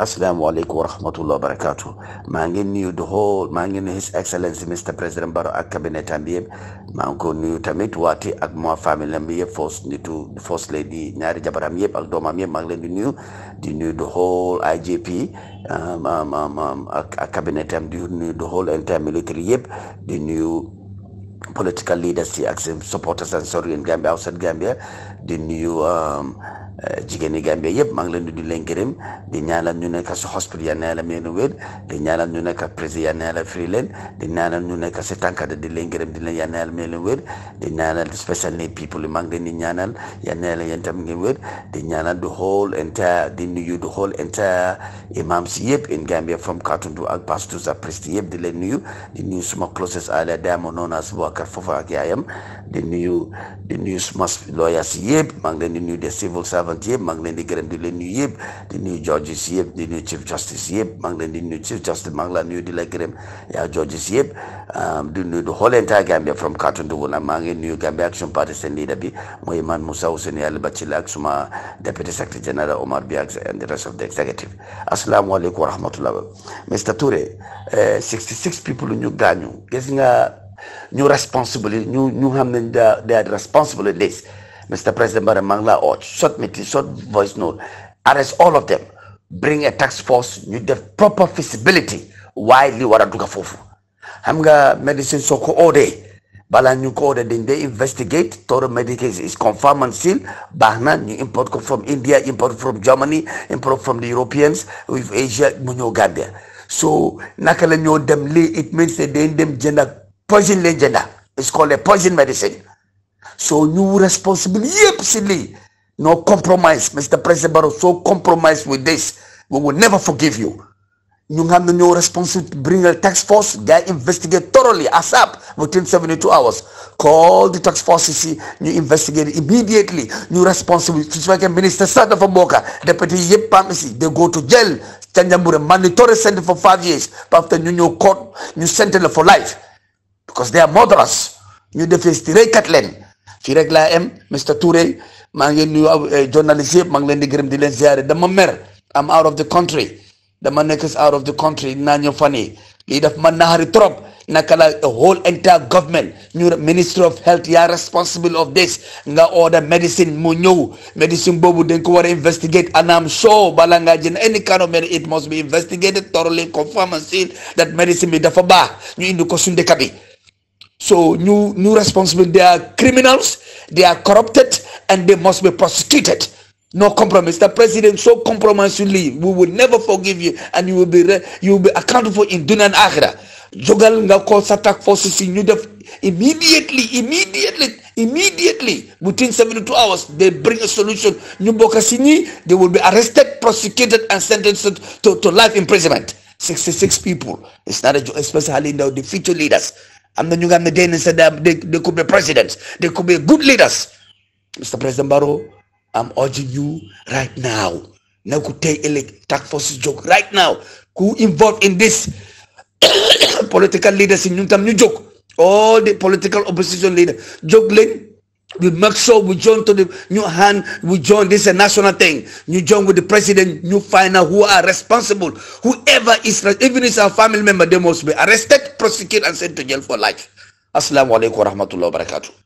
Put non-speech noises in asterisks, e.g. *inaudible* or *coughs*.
asalaamaaleykum wa rahmatullah wa barakaatu maa ngi nuyu the whole maa ngi nuyu his excellence Mr président Barrow ak cabinet am bi yëpp maa ngi ko nuyu tamit waati ak ma famille am bi yëpp first nitu first lady ñaari jabaram yëpp ak doomam yëpp maa ngi leen di nuyu di nuyu the whole um, um, um, cabinet am di nuyu the whole intermilitary yëpp di nuyu. political leaders yi ak seen supporters and sorien Gambia outside Gambia di nuyu jigéen ñi Gambie yëpp maa ngi leen di nuyu leen di ñaanal ñu nekk si hospital yal na yàlla di ñaanal ñu nekk président di ñaanal ñu di leen gërëm di leen na yàlla may leen di ñaanal special need people maa ngi leen di ñaanal yal na yàlla yéen tam di ñaanal the whole entire di whole entire imams yëpp in Gambia from Katundu ak pastors ak priest yëpp di leen nuyu di nuyu suma closest ally Diamond known as Boubacar Fofo ak yaayam di nuyu di nuyu suma lawyers yëpp maa ngi leen di Labat yëpp maa ngi leen di gërëm di leen nuyu yëpp di nuyu judges yëpp di nuyu chief justice yëpp maa ngi leen di nuyu chief justice maa ngi laa nuyu di la gërëm yaa judges yëpp di nuyu the whole entire Gambia from Cartoon to Wona maa ngi nuyu Gambia Action Party seen leader bi mooy Imam Musa Hussaini Ali Bathily ak suma deputy secretary general Omar Bi ak and the rest of the executive asalaamualeykum wa rahmatullah Mr Touré 66 eh, people ñu gaañu gis nga ñu responsible ñu ñu xam ne they are responsible this Mr. President Baremangla or short meeting, short voice note, arrest all of them, bring a tax force, ñu def proper feasibility waaye li war a dugg foofu xam nga medicine soo ko oodee balaa ñu ko oodee dañ dee investigate toro medication is confirmed and sealed baax na ñu import ko from India import from Germany import from the Europeans with Asia mu ñëw Gambia so naka la ñoo dem lii it means dañ dem jënd poison leen jënda it's called a poison medicine So you responsible. Yep, silly. No compromise, Mr. President Barrow. So compromise with this. We will never forgive you. You have no responsibility. Bring a tax force. They investigate thoroughly, ASAP, within 72 hours. Call the tax force. You investigate immediately. You responsible. Chichwake Minister Sada Faboka, Deputy Yep Pamisi, they go to jail. Chanjambure, mandatory sentence for five years. But after you new Because they are murderers. You defense the fii rek laa am Mr Touré maa ngi nuyu eh, journaliste yëpp maa ngi leen di gërëm di leen ziare dama mer am out of the country dama nekk out of the country naa ñëw fan yi lii daf ma naari trop naka la whole entire government ñu ministry of health yaa responsible of this nga order medicine mu ñëw medicine boobu dañ ko war a investigate anam so bala ngaa jënd any kind of medicine it must be investigated thoroughly confirm and see that medicine bi dafa baa ñu indi ko suñu dëkk bi So new new responsibility. They are criminals. They are corrupted, and they must be prosecuted. No compromise. The president so compromisingly, we will never forgive you, and you will be you accountable in dunya and akhirah. jógal nga ko sa task force si ñu def immediately immediately immediately within 72 hours they bring a solution ñu bokk si ñi they will be arrested prosecuted and sentenced to to life imprisonment 66 people it's not especially now the future leaders am na ñu nga xam ne dañ sa dam they, they could be presidents they could be good leaders Mr. President Barrow I'm urging you right now na ku tey ëllëg task force jóg right now ku involved in this *coughs* political leaders yi ñun tam ñu jok all the political opposition leaders jóg leen We make sure we join to the new hand. We join. This is a national thing. You join with the president. You find out who are responsible. Whoever is, even if it's a family member, they must be arrested, prosecuted, and sent to jail for life. Assalamu alaikum warahmatullahi wabarakatuh.